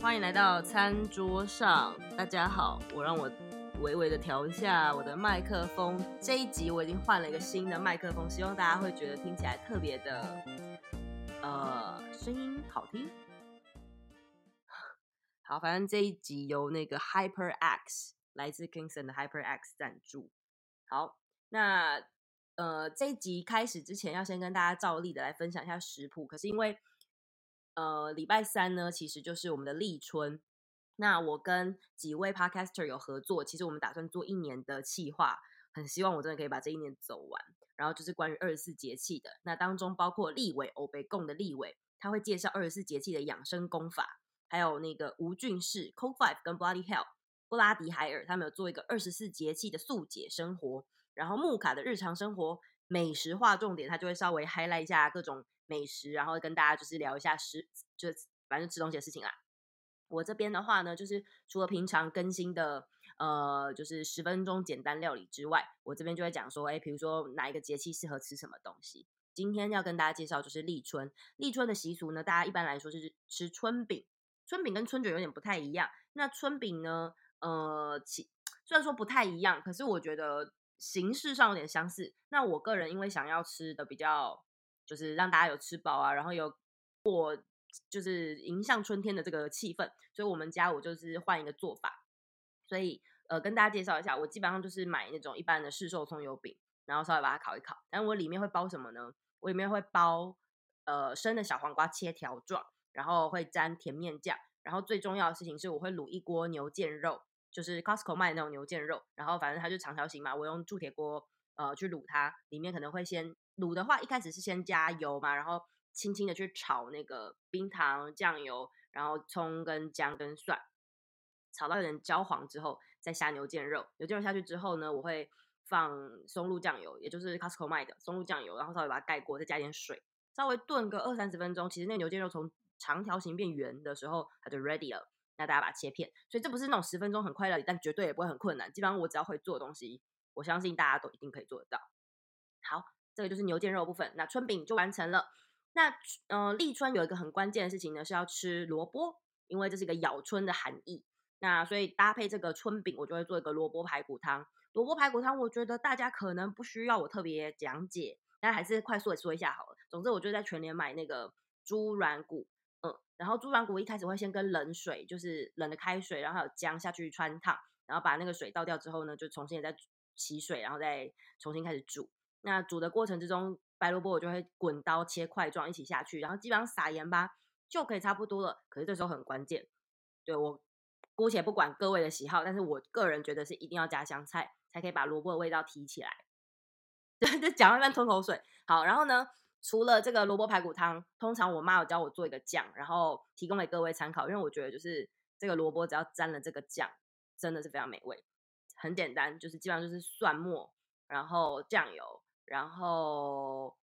歡迎來到餐桌上，大家好，我讓我微微的調一下我的麥克風，這一集我已經換了一個新的麥克風，希望大家會覺得聽起來特別的，呃，聲音好聽。好，反正這一集由那個 Hyper X 來自 Kingston 的 Hyper X 贊助。好，那呃，這一集開始之前，要先跟大家照例的來分享一下食譜。可是因為，呃，禮拜三呢，其實就是我們的立春。那我跟幾位 podcaster 有合作，其實我們打算做一年的企劃，很希望我真的可以把這一年走完。然後就是關於二十四節氣的，那當中包括立委，歐北共的立委，他會介紹二十四節氣的養生功法，還有那個吳俊士 Cold Five 跟 Hell, Bloody Hell、布拉迪海爾，他們有做一個二十四節氣的速解生活。然後木卡的日常生活美食化重點，他就會稍微 highlight 一下各種美食，然後跟大家就是聊一下食，就反正吃東西的事情啦。我這邊的話呢，就是除了平常更新的，呃，就是十分鐘簡單料理之外，我這邊就會講說，哎，比如說哪一個節氣適合吃什麼東西。今天要跟大家介紹就是立春，立春的習俗呢，大家一般來說是吃春餅。春餅跟春卷有點不太一樣，那春餅呢，呃，其雖然說不太一樣，可是我覺得形式上有點相似。那我個人因為想要吃的比較，就是讓大家有吃飽啊，然後有過。就是迎向春天的這個氣氛，所以我們家我就是換一個做法，所以呃跟大家介紹一下，我基本上就是買那種一般的市售蔥油餅，然後稍微把它烤一烤，但我裡面會包什麼呢？我裡面會包呃生的小黃瓜切條狀，然後會沾甜麵醬，然後最重要的事情是我會滷一鍋牛腱肉，就是 Costco 賣的那種牛腱肉，然後反正它就長條形嘛，我用鑄鐵鍋呃去滷它，裡面可能會先滷的話，一開始是先加油嘛，然後。輕輕的去炒那個冰糖醬油，然後蔥跟薑跟蒜炒到有點焦黃之後，再下牛腱肉。牛腱肉下去之後呢，我會放松露醬油，也就是 Costco 賣的松露醬油，然後稍微把它蓋過，再加點水，稍微燉個二三十分鐘。其實那個牛腱肉從長條形變圓的時候，它就 ready 了。那大家把它切片，所以這不是那種十分鐘很快樂，但絕對也不會很困難。基本上我只要會做的東西，我相信大家都一定可以做得到。好，這個就是牛腱肉的部分，那春餅就完成了。那，呃，立春有一個很關鍵的事情呢，是要吃蘿蔔，因為這是一個咬春的含義。那所以搭配這個春餅，我就會做一個蘿蔔排骨湯。蘿蔔排骨湯，我覺得大家可能不需要我特別講解，但還是快速也說一下好了。總之，我就在全聯買那個豬軟骨，嗯，然後豬軟骨一開始會先跟冷水，就是冷的開水，然後還有薑下去汆燙，然後把那個水倒掉之後呢，就重新再洗水，然後再重新開始煮。那煮的過程之中，白蘿蔔我就會滾刀切塊狀一起下去，然後基本上撒鹽巴，就可以差不多了。可是這時候很關鍵，對，我姑且不管各位的喜好，但是我個人覺得是一定要加香菜，才可以把蘿蔔的味道提起來。對，就講到那邊吞口水。好，然後呢，除了這個蘿蔔排骨湯，通常我媽有教我做一個醬，然後提供給各位參考，因為我覺得就是這個蘿蔔只要沾了這個醬，真的是非常美味。很簡單，就是基本上就是蒜末，然後醬油。然後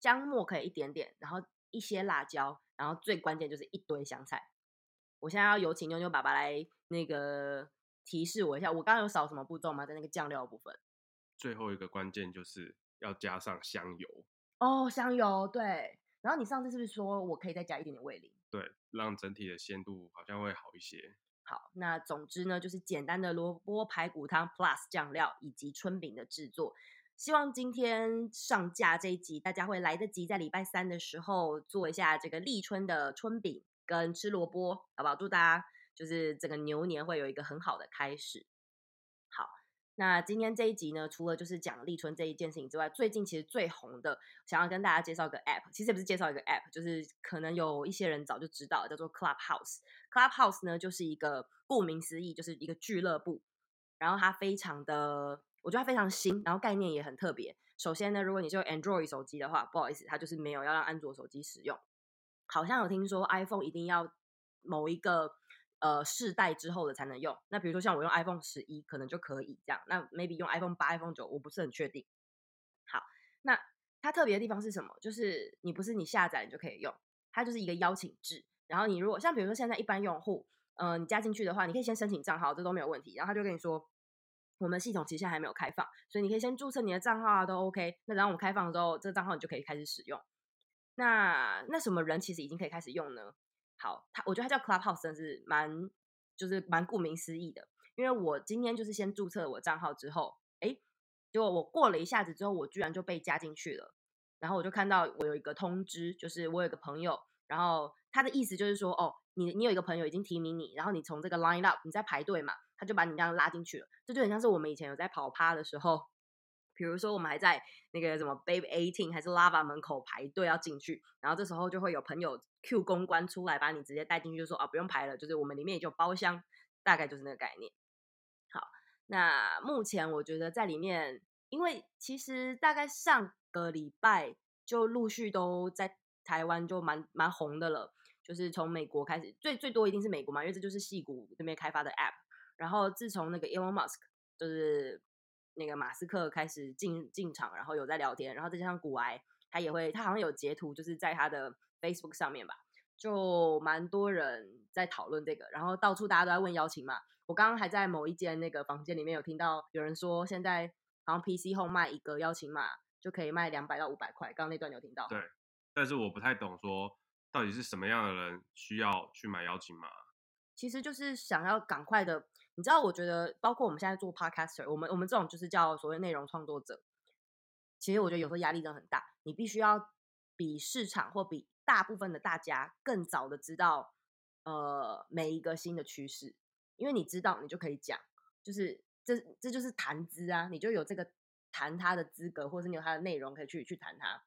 薑末可以一點點，然後一些辣椒，然後最關鍵就是一堆香菜。我現在要有請妞妞爸爸來那個提示我一下，我剛剛有少什麼步驟嗎？在那個醬料的部分，最後一個關鍵就是要加上香油。哦，香油對。然後你上次是不是說我可以再加一點點味醂？對，讓整體的鮮度好像會好一些。好，那總之呢，就是簡單的蘿蔔排骨湯 plus 醬料以及春餅的制作。希望今天上架這一集，大家會來得及，在禮拜三的時候做一下這個立春的春餅跟吃蘿蔔，好不好？祝大家就是整個牛年會有一個很好的開始。好，那今天這一集呢，除了就是講立春這一件事情之外，最近其實最紅的，想要跟大家介紹一個 App，其實也不是介紹一個 App，就是可能有一些人早就知道，叫做 Clubhouse。Clubhouse 呢，就是一個顧名思義就是一個俱樂部，然後它非常的。我覺得它非常新，然後概念也很特別。首先呢，如果你是 Android 手機的話，不好意思，它就是沒有要讓安卓手機使用。好像有聽說 iPhone 一定要某一個呃世代之後的才能用。那比如說像我用 iPhone 十一，可能就可以這樣。那 maybe 用 8, iPhone 八、iPhone 九，我不是很確定。好，那它特別的地方是什麼？就是你不是你下載你就可以用，它就是一個邀請制。然後你如果像比如說現在一般用戶，嗯、呃，你加進去的話，你可以先申請賬號，這都沒有問題。然後他就跟你說。我們系統其實現在還沒有開放，所以你可以先註冊你的賬號啊，都 OK。那然後我們開放之後，這個賬號你就可以開始使用。那那什麼人其實已經可以開始用呢？好，他我覺得它叫 Clubhouse 是蠻，就是蠻顧名思義的。因為我今天就是先註冊了我賬號之後，哎，結果我過了一下子之後，我居然就被加進去了。然後我就看到我有一個通知，就是我有一個朋友。然後他的意思就是說，哦，你你有一個朋友已經提名你，然後你從這個 line up，你在排隊嘛，他就把你這樣拉進去了。這就很像是我們以前有在跑趴的時候，比如說我們還在那個什麼 Babe Eighteen 還是 Lava 門口排隊要進去，然後這時候就會有朋友 Q 公關出來把你直接帶進去，就說啊，哦，不用排了，就是我們裡面也就有包廂，大概就是那個概念。好，那目前我覺得在裡面，因為其實大概上個禮拜就陸續都在。台灣就蠻蠻紅的了，就是從美國開始，最最多一定是美國嘛，因為這就是矽谷那邊開發的 App。然後自從那個 Elon Musk 就是那個馬斯克開始進進場，然後有在聊天，然後再加上股癌，他也會，他好像有截圖，就是在他的 Facebook 上面吧，就蠻多人在討論這個，然後到處大家都在問邀請碼。我剛剛還在某一間那個房間裡面有聽到有人說，現在好像 PC 後賣一個邀請碼就可以賣兩百到五百塊，剛剛那段有聽到。對。但是我不太懂，說到底是什麼樣的人需要去買邀請碼？其實就是想要趕快的，你知道？我覺得，包括我們現在做 Podcaster，我們我們這種就是叫所謂內容創作者，其實我覺得有時候壓力真的很大。你必須要比市場或比大部分的大家更早的知道呃每一個新的趨勢，因為你知道，你就可以講，就是這這就是談資啊，你就有這個談他的資格，或是你有他的內容可以去去談他。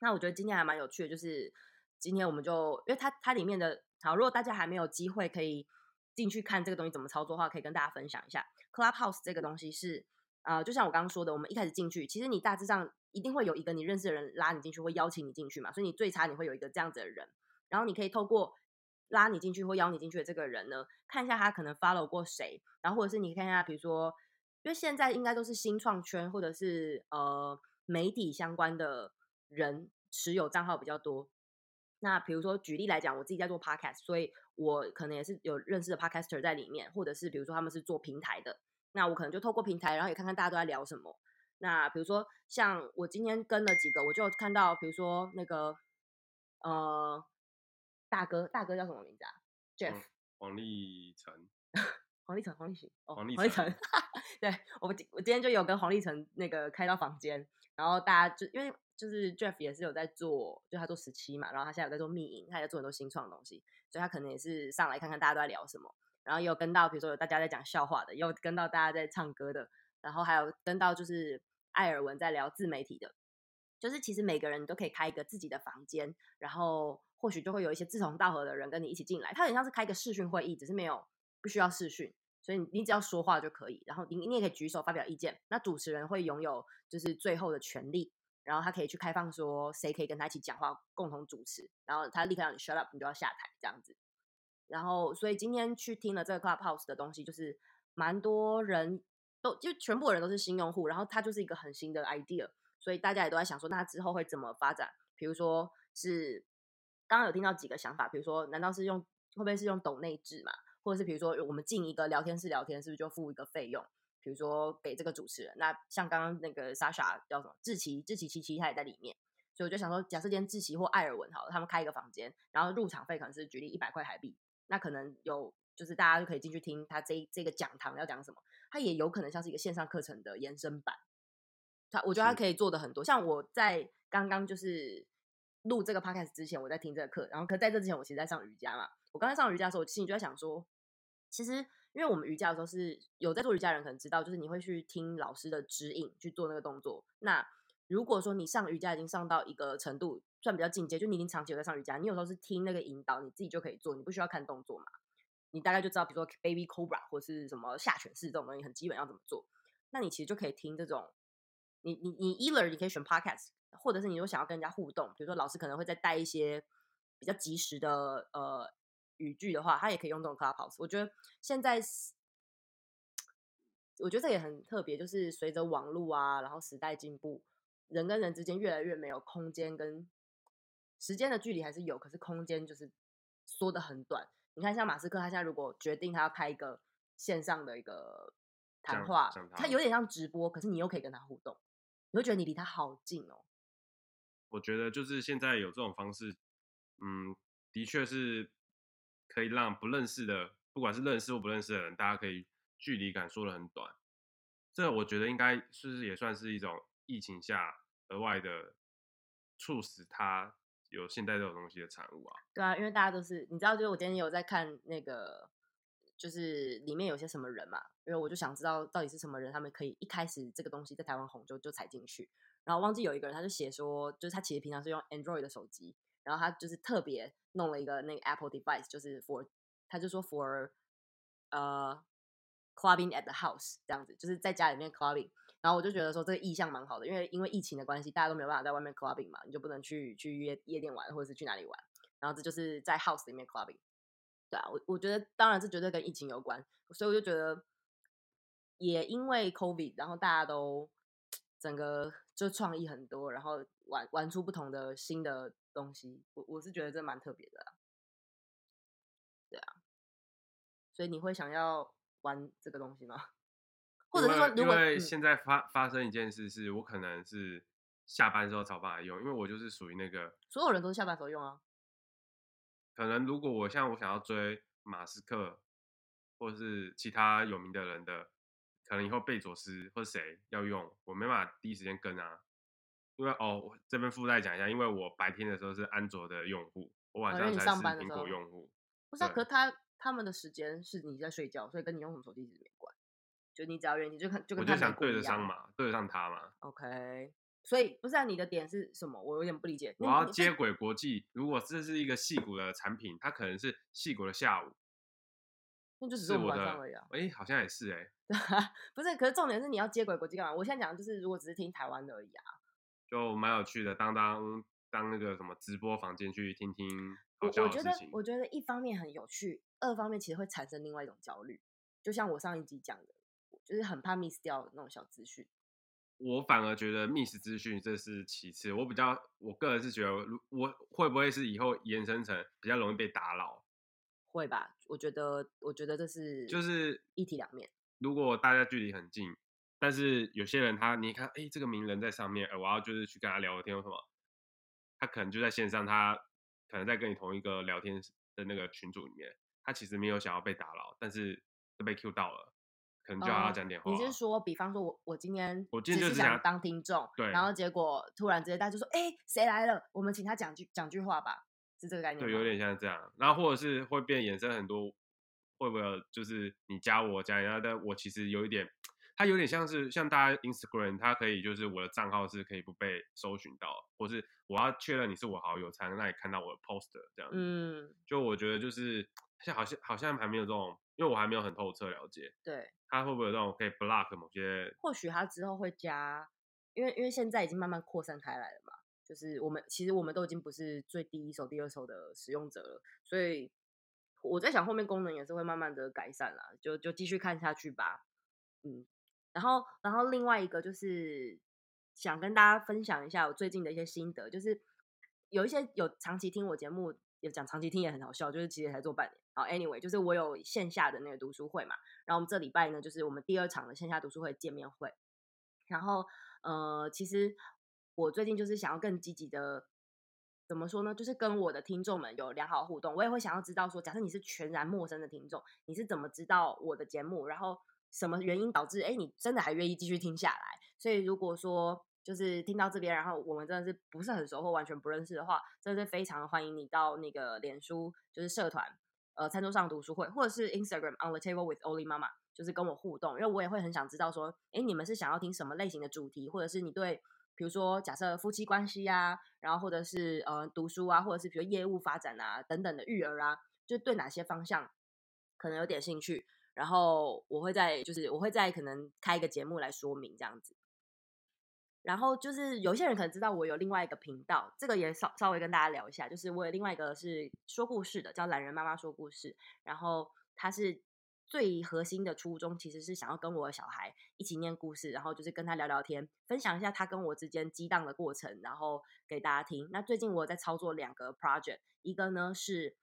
那我覺得今天還蠻有趣的，就是今天我們就因為它它裡面的，好，如果大家還沒有機會可以進去看這個東西怎麼操作的話，可以跟大家分享一下。Clubhouse 這個東西是啊、呃，就像我剛剛說的，我們一開始進去，其實你大致上一定會有一個你認識的人拉你進去或邀請你進去嘛，所以你最差你會有一個這樣子的人，然後你可以透過拉你進去或邀你進去的這個人呢，看一下他可能 follow 過誰，然後或者是你看一下，比如說，因為現在應該都是新創圈或者是呃媒體相關的。人持有賬號比較多，那比如說舉例來講，我自己在做 podcast，所以我可能也是有認識的 podcaster 在裡面，或者是比如說他們是做平台的，那我可能就透過平台，然後也看看大家都在聊什麼。那比如說像我今天跟了幾個，我就看到比如說那個呃大哥，大哥叫什麼名字啊？Jeff 黃立成黃 立成，黃立行，黃立成， 對，我我今天就有跟黃立成那個開到房間，然後大家就因為。就是 Jeff 也是有在做，就他做十七嘛，然後他現在有在做密營，他也在做很多新創的東西，所以他可能也是上來看看大家都在聊什麼，然後也有跟到，比如說有大家在講笑話的，也有跟到大家在唱歌的，然後還有跟到就是艾爾文在聊自媒體的，就是其實每個人都可以開一個自己的房間，然後或許就會有一些志同道合的人跟你一起進來，他很像是開一個視訊會議，只是沒有不需要視訊，所以你只要說話就可以，然後你你也可以舉手發表意見，那主持人會擁有就是最後的權利。然後他可以去開放說誰可以跟他一起講話，共同主持。然後他立刻讓你 shut up，你就要下台這樣子。然後，所以今天去聽了這個 clubhouse 的東西，就是蠻多人都，就全部的人都是新用戶。然後他就是一個很新的 idea，所以大家也都在想說，那之後會怎麼發展？比如說是剛剛有聽到幾個想法，比如說難道是用會不會是用抖內置嘛？或者是比如說我們進一個聊天室聊天，是不是就付一個費用？比如說給這個主持人，那像剛剛那個 Sasha 叫什麼志祺、志祺七七，他也在裡面，所以我就想說，假設今天志祺或艾爾文好了，他們開一個房間，然後入場費可能是舉例一百塊台幣，那可能有就是大家就可以進去聽他這一這個講堂要講什麼，他也有可能像是一個線上課程的延伸版，他我覺得他可以做的很多。是像我在剛剛就是錄這個 podcast 之前，我在聽這個課，然後可在這之前我其實在上瑜伽嘛，我剛才上瑜伽的時候，我心裡就在想說，其實。因為我們瑜伽的時候是有在做瑜伽的人可能知道，就是你會去聽老師的指引去做那個動作。那如果說你上瑜伽已經上到一個程度，算比較進階，就你已經長期有在上瑜伽，你有時候是聽那個引導，你自己就可以做，你不需要看動作嘛。你大概就知道，比如說 baby cobra 或是什麼下犬式這種東西，你很基本要怎麼做。那你其實就可以聽這種，你你你一、e、輪你可以選 podcast，或者是你都想要跟人家互動，比如說老師可能會再帶一些比較及時的呃。語句的話，他也可以用這種 clubhouse。我覺得現在，我覺得這也很特別，就是隨着網絡啊，然後時代進步，人跟人之間越來越沒有空間跟時間的距離，還是有，可是空間就是縮的很短。你看，像馬斯克，他現在如果決定他要開一個線上的一個談話，他，他有點像直播，可是你又可以跟他互動，你會覺得你離他好近哦。我覺得就是現在有這種方式，嗯，的確是。可以讓不認識的，不管是認識或不認識的人，大家可以距離感說得很短。這我覺得應該是不是也算是一種疫情下額外的促使它有現在這種東西的產物啊。對啊，因為大家都是你知道，就是我今天有在看那個，就是裡面有些什麼人嘛，因為我就想知道到底是什麼人，他們可以一開始這個東西在台灣紅就就踩進去，然後我忘記有一個人他就寫說，就是他其實平常是用 Android 的手機。然後他就是特別弄了一個那個 Apple device，就是 for，他就說 for，呃，uh，clubbing at the house 這樣子，就是在家裡面 clubbing。然後我就覺得說這個意向蠻好的，因為因為疫情的關係，大家都沒有辦法在外面 clubbing 嘛，你就不能去去約夜、夜店玩或者是去哪裡玩。然後這就是在 house 裡面 clubbing。對啊，我我覺得當然是絕對跟疫情有關，所以我就覺得也因為 COVID，然後大家都。整個就創意很多，然後玩玩出不同的新的東西，我我是覺得這蠻特別的，對啊。所以你會想要玩這個東西嗎？為或者說，因為現在發你發生一件事，是我可能是下班之後才把它用，因為我就是屬於那個。所有人都是下班時候用啊。可能如果我像我想要追馬斯克，或者是其他有名的人的。可能以後貝佐斯或是誰要用，我沒辦法第一時間跟啊，因為哦，我這邊附帶講一下，因為我白天的時候是安卓的用戶，我晚上才是蘋果用戶。不道、啊，對可他他們的時間是你在睡覺，所以跟你用什麼手機是沒關係，就你只要願意就看，就跟他我就想對得上嘛，對得上他嘛。OK，所以不是道、啊、你的點是什麼？我有點不理解。我要接軌國際， 如果這是一個矽谷的產品，它可能是矽谷的下午。那就只是我晚上而已，啊。哎，欸，好像也是哎，欸， 不是。可是重點是你要接軌國際幹嘛？我現在講的就是，如果只是聽台灣的而已啊，就蠻有趣的。當當當那個什麼直播房間去聽聽。我我覺得，我覺得一方面很有趣，二方面其實會產生另外一種焦慮。就像我上一集講的，就是很怕 miss 掉那種小資訊。我反而覺得 miss 資訊這是其次，我比較我個人是覺得我，我會不會是以後延伸成比較容易被打擾？會吧。我覺得，我覺得這是就是一體兩面。如果大家距離很近，但是有些人他，你看，哎、欸，這個名人在上面，我要就是去跟他聊個天，或什麼，他可能就在線上他，他可能在跟你同一個聊天的那個群組裡面，他其實沒有想要被打擾，但是都被 Q 到了，可能就要講點話。嗯、你是說，比方說我我今天我今天就是想，想當聽眾，對，然後結果突然之間大家就說，哎，誰來了？我們請他講句講句話吧。是這個概念，對，有點像這樣，然後或者是會變衍生很多，會不會就是你加我加，人家，但我其實有一點，它有點像是像大家 Instagram，它可以就是我的賬號是可以不被搜尋到，或是我要確認你是我好友才能讓你看到我的 post 這樣。嗯，就我覺得就是像好像好像還沒有這種，因為我還沒有很透徹了解，對，它會不會有這種可以 block 某些？或許它之後會加，因為因為現在已經慢慢擴散開來了嘛。就是我們其實我們都已經不是最第一手、第二手的使用者了，所以我在想後面功能也是會慢慢的改善了，就就繼續看下去吧。嗯，然後然後另外一個就是想跟大家分享一下我最近的一些心得，就是有一些有長期聽我節目，有講長期聽也很好笑，就是其實才做半年。好 anyway 就是我有線下的那個讀書會嘛，然後我們這禮拜呢，就是我們第二場的線下讀書會見面會，然後呃其實。我最近就是想要更積極的，怎麼說呢？就是跟我的聽眾們有良好互動。我也會想要知道說，假設你是全然陌生的聽眾，你是怎麼知道我的節目？然後什麼原因導致哎，你真的還願意繼續聽下來？所以如果說就是聽到這邊，然後我們真的是不是很熟或完全不認識的話，真的是非常歡迎你到那個臉書就是社團呃餐桌上讀書會，或者是 Instagram On the Table with Oli 媽媽，就是跟我互動，因為我也會很想知道說，哎，你們是想要聽什麼類型的主題，或者是你對。比如說，假設夫妻關係啊，然後或者是呃讀書啊，或者是比如業務發展啊等等的育兒啊，就對哪些方向可能有點興趣，然後我會再就是我會再可能開一個節目來說明這樣子。然後就是有些人可能知道我有另外一個頻道，這個也稍稍微跟大家聊一下，就是我有另外一個是說故事的，叫欖仁媽媽說故事，然後他是。最核心的初衷其實是想要跟我的小孩一起念故事，然後就是跟他聊聊天，分享一下他跟我之間激盪的過程，然後給大家聽。那最近我在操作兩個 project，一個呢是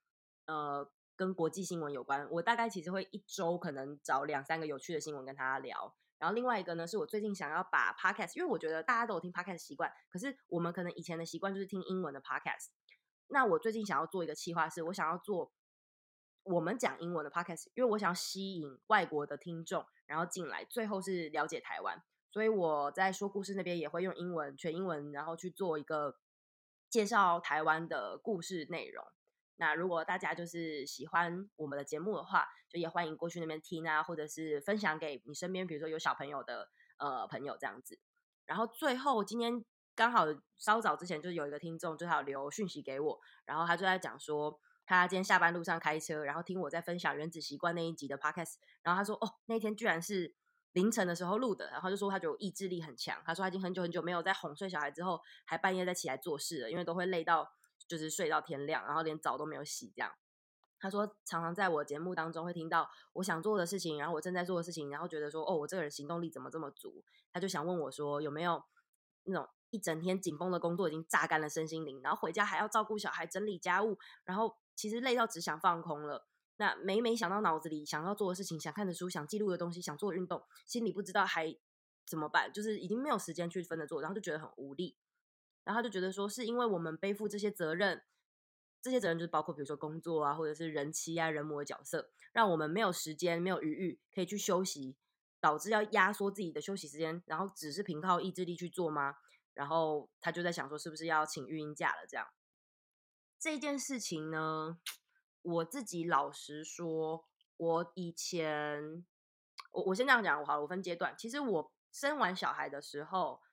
呃跟國際新聞有關，我大概其實會一周可能找兩三個有趣的新聞跟他聊。然後另外一個呢是我最近想要把 podcast，因為我覺得大家都有聽 podcast 習慣，可是我們可能以前的習慣就是聽英文的 podcast。那我最近想要做一個企劃，是我想要做。我們講英文的 podcast，因為我想吸引外國的聽眾，然後進來，最後是了解台灣。所以我在說故事那邊也會用英文，全英文，然後去做一個介紹台灣的故事內容。那如果大家就是喜歡我們的節目的話，就也歡迎過去那邊聽啊，或者是分享給你身邊，比如說有小朋友的呃朋友這樣子。然後最後今天剛好稍早之前就有一個聽眾，最好留訊息給我，然後他就在講說。他今天下班路上開車，然後聽我在分享《原子習慣》那一集的 podcast，然後他說：“哦，那天居然是凌晨的時候錄的。”然後就說他覺得我意志力很強，他說他已經很久很久沒有在哄睡小孩之後還半夜再起來做事了，因為都會累到就是睡到天亮，然後連澡都沒有洗這樣。他說常常在我節目當中會聽到我想做的事情，然後我正在做的事情，然後覺得說：“哦，我這個人行動力怎麼這麼足？”他就想問我說：“有沒有那種一整天緊繃的工作已經榨乾了身心靈，然後回家還要照顧小孩、整理家務，然後？”其實累到只想放空了，那每每想到腦子裡想要做的事情、想看的書、想記錄的東西、想做運動，心裡不知道還怎麼辦，就是已經沒有時間去分着做，然後就覺得很無力。然後他就覺得說，是因為我們背負這些責任，這些責任就是包括比如說工作啊，或者是人妻啊、人母的角色，讓我們沒有時間、沒有餘裕可以去休息，導致要壓縮自己的休息時間，然後只是憑靠意志力去做嗎？然後他就在想說，是不是要請育嬰假了這樣？這件事情呢，我自己老實說，我以前，我我先這樣講，我好，我分階段。其實我生完小孩的時候，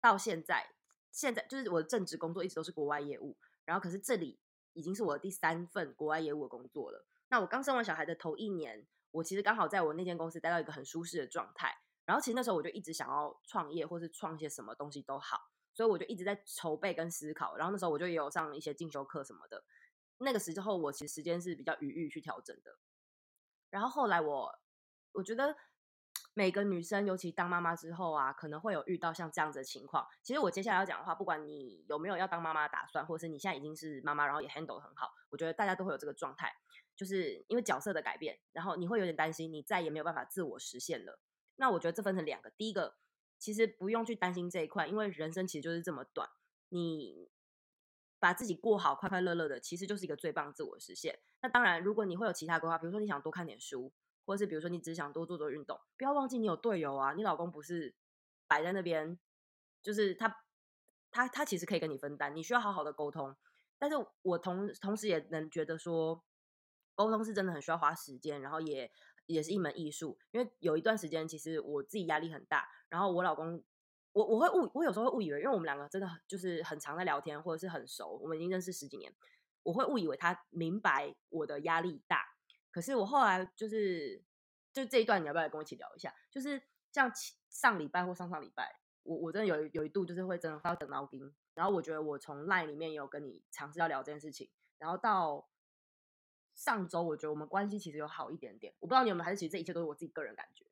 到現在，現在就是我的正職工作一直都是國外業務，然後可是這裡已經是我的第三份國外業務的工作了。那我剛生完小孩的頭一年，我其實剛好在我那間公司待到一個很舒適的狀態，然後其實那時候我就一直想要創業，或是創些什麼東西都好。所以我就一直在籌備跟思考，然後那時候我就也有上一些進修課什麼的。那個時候我其實時間是比較餘裕去調整的。然後後來我我覺得每個女生，尤其當媽媽之後啊，可能會有遇到像這樣子的情況。其實我接下來要講的話，不管你有沒有要當媽媽的打算，或者是你現在已經是媽媽，然後也 handle 很好，我覺得大家都會有這個狀態，就是因為角色的改變，然後你會有點擔心，你再也沒有辦法自我實現了。那我覺得這分成兩個，第一個。其實不用去擔心這一塊，因為人生其實就是這麼短，你把自己過好，快快樂樂的，其實就是一個最棒的自我的實現。那當然，如果你會有其他規劃，比如說你想多看點書，或者是比如說你只想多做做運動，不要忘記你有隊友啊，你老公不是擺在那邊，就是他，他他其實可以跟你分擔，你需要好好的溝通。但是我同同時也能覺得說，溝通是真的很需要花時間，然後也也是一門藝術。因為有一段時間，其實我自己壓力很大。然後我老公，我我會誤，我有時候會誤以為，因為我們兩個真的很就是很常在聊天，或者是很熟，我們已經認識十幾年，我會誤以為他明白我的壓力大。可是我後來就是，就這一段你要不要跟我一起聊一下？就是像上禮拜或上上禮拜，我我真的有一有一度就是會真的要等到兵。然後我覺得我從賴裡面有跟你嘗試要聊這件事情。然後到上周，我覺得我們關係其實有好一點點。我不知道你有沒有，還是其實這一切都是我自己個人感覺。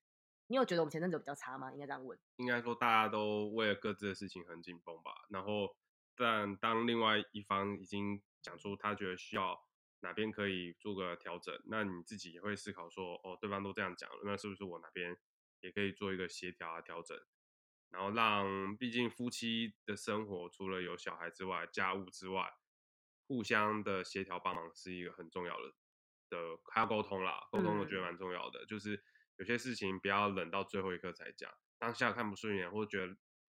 你有覺得我們前陣子比較差嗎？應該這樣問。應該說大家都為了各自的事情很緊繃吧。然後，但當另外一方已經講出他覺得需要哪邊可以做個調整，那你自己也會思考說，哦，對方都這樣講了，那是不是我哪邊也可以做一個協調啊調整？然後讓，畢竟夫妻的生活除了有小孩之外，家務之外，互相的協調幫忙是一個很重要的的，還要溝通啦。溝通我覺得蠻重要的，嗯、就是。有些事情不要忍到最後一刻才講，當下看不順眼或者覺得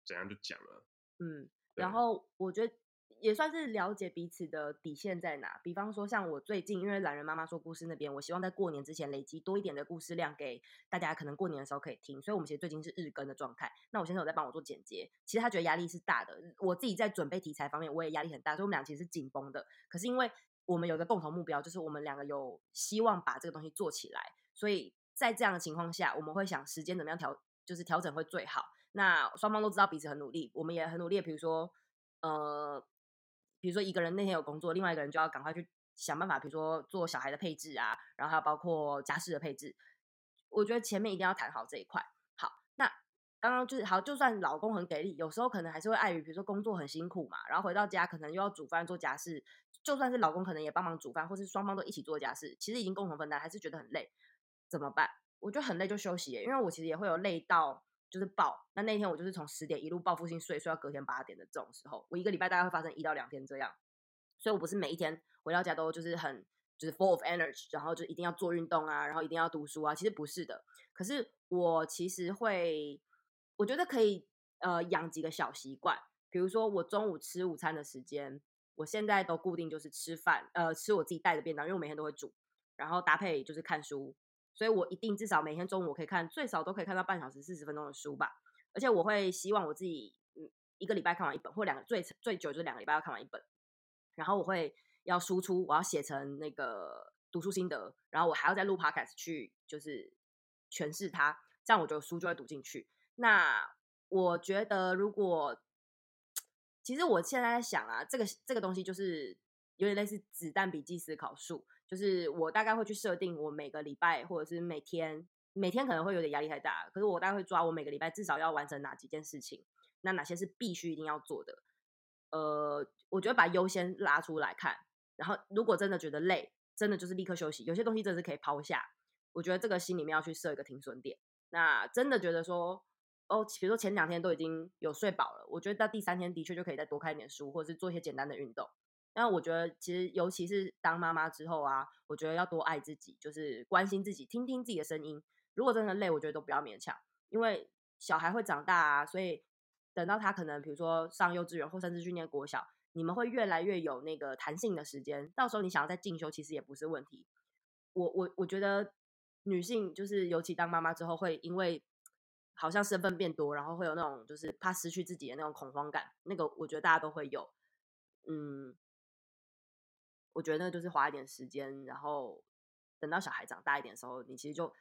怎樣就講了。嗯，然後我覺得也算是了解彼此的底線在哪。比方說，像我最近因為懶人媽媽說故事那邊，我希望在過年之前累積多一點的故事量給大家，可能過年的時候可以聽。所以，我們其實最近是日更的狀態。那我先生有在幫我做剪輯，其實他覺得壓力是大的。我自己在準備題材方面，我也壓力很大，所以我們倆其實是緊繃的。可是因為我們有個共同目標，就是我們兩個有希望把這個東西做起來，所以。在這樣的情況下，我們會想時間怎麼樣調，就是調整會最好。那雙方都知道彼此很努力，我們也很努力。比如說，呃，比如說一個人那天有工作，另外一個人就要趕快去想辦法，比如說做小孩的配置啊，然後還有包括家事的配置。我覺得前面一定要談好這一塊。好，那剛剛就是好，就算老公很給力，有時候可能還是會礙於，比如說工作很辛苦嘛，然後回到家可能又要煮飯做家事，就算是老公可能也幫忙煮飯，或是雙方都一起做家事，其實已經共同分擔，還是覺得很累。怎麼辦？我就很累，就休息。因為我其實也會有累到就是爆，那那天我就是從十點一路報復性睡，睡到隔天八點的這種時候，我一個禮拜大概會發生一到兩天這樣。所以我不是每一天回到家都就是很就是 full of energy，然後就一定要做運動啊，然後一定要讀書啊，其實不是的。可是我其實會，我覺得可以呃養幾個小習慣，比如說我中午吃午餐的時間，我現在都固定就是吃飯，呃吃我自己帶的便當，因為我每天都會煮，然後搭配就是看書。所以我一定至少每天中午我可以看，最少都可以看到半小時四十分鐘的書吧。而且我會希望我自己，嗯，一個禮拜看完一本或兩個最最久就是兩個禮拜要看完一本。然後我會要輸出，我要寫成那個讀書心得，然後我還要再錄 podcast 去就是詮釋它，這樣我就書就會讀進去。那我覺得如果，其實我現在在想啊，這個這個東西就是有點類似子彈筆記思考術。就是我大概會去設定，我每個禮拜或者是每天，每天可能會有點壓力太大，可是我大概會抓我每個禮拜至少要完成哪幾件事情，那哪些是必須一定要做的，呃，我覺得把優先拉出來看，然後如果真的覺得累，真的就是立刻休息，有些東西真的是可以拋下，我覺得這個心裡面要去設一個停損點，那真的覺得說，哦，比如說前兩天都已經有睡飽了，我覺得到第三天的確就可以再多看一點書，或者是做一些簡單的運動。那我覺得，其實尤其是當媽媽之後啊，我覺得要多愛自己，就是關心自己，聽聽自己的聲音。如果真的累，我覺得都不要勉強，因為小孩會長大啊。所以等到他可能，比如說上幼稚園或甚至去念國小，你們會越來越有那個彈性的時間。到時候你想要再進修，其實也不是問題。我我我覺得女性就是尤其當媽媽之後，會因為好像身份變多，然後會有那種就是怕失去自己的那種恐慌感。那個我覺得大家都會有，嗯。我覺得就是花一點時間，然後等到小孩長大一點的時候，你其實就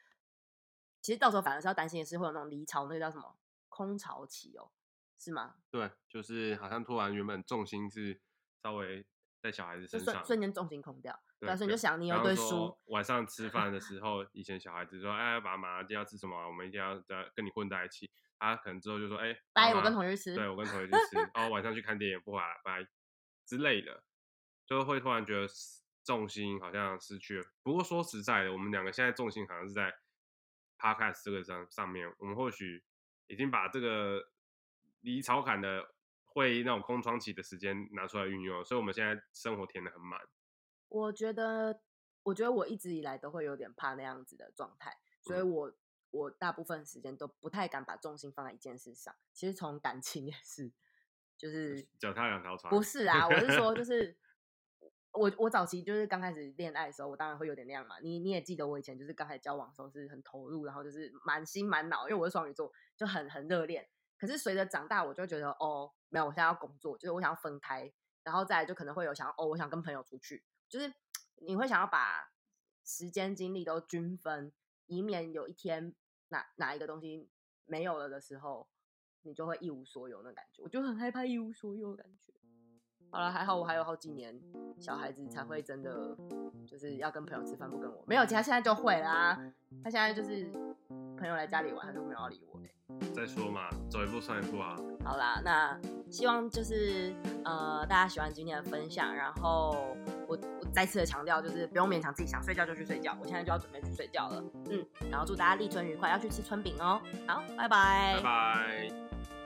其實到時候反而是要擔心的是會有那種離巢，那個叫什麼空巢期哦，是嗎？對，就是好像突然原本重心是稍微在小孩子身上，瞬，瞬間重心空掉，然對對所以你就想你有一堆書，晚上吃飯的時候， 以前小孩子說：“哎，爸爸媽媽今天要吃什麼、啊？我們一定要跟你混在一起。啊”他可能之後就說：“哎，拜 Bye, 媽，我跟同學吃。”對，我跟同學去吃。 哦，晚上去看電影不玩、啊，拜之類的。就會突然覺得重心好像失去了。不過說實在的，我們兩個現在重心好像是在 podcast 這個上上面。我們或許已經把這個離草坎的會那種空窗期的時間拿出來運用，所以我們現在生活填的很滿。我覺得，我覺得我一直以來都會有點怕那樣子的狀態，所以我、嗯、我大部分時間都不太敢把重心放在一件事上。其實從感情也是，就是腳踏兩條船。不是啊，我是說就是。 我我早期就是剛開始戀愛的時候，我當然會有點那樣嘛。你你也記得我以前就是剛開始交往的時候是很投入，然後就是滿心滿腦，因為我是雙魚座就很很熱戀。可是隨着長大，我就覺得哦，沒有，我現在要工作，就是我想要分開，然後再來就可能會有想要哦，我想跟朋友出去，就是你會想要把時間精力都均分，以免有一天哪哪一個東西沒有了的時候，你就會一無所有的感覺。我就很害怕一無所有的感覺。好了，還好我還有好幾年，小孩子才會真的就是要跟朋友吃飯不跟我，沒有，其實他現在就會啦，他現在就是朋友來家裡玩他就沒有要理我、欸、再說嘛，走一步算一步啊。好啦，那希望就是呃大家喜歡今天的分享，然後我，我再次的強調就是不用勉強自己想睡覺就去睡覺，我現在就要準備去睡覺了，嗯，然後祝大家立春愉快，要去吃春餅哦、喔，好，拜拜，拜拜。